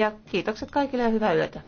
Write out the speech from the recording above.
Ja kiitokset kaikille ja hyvää yötä.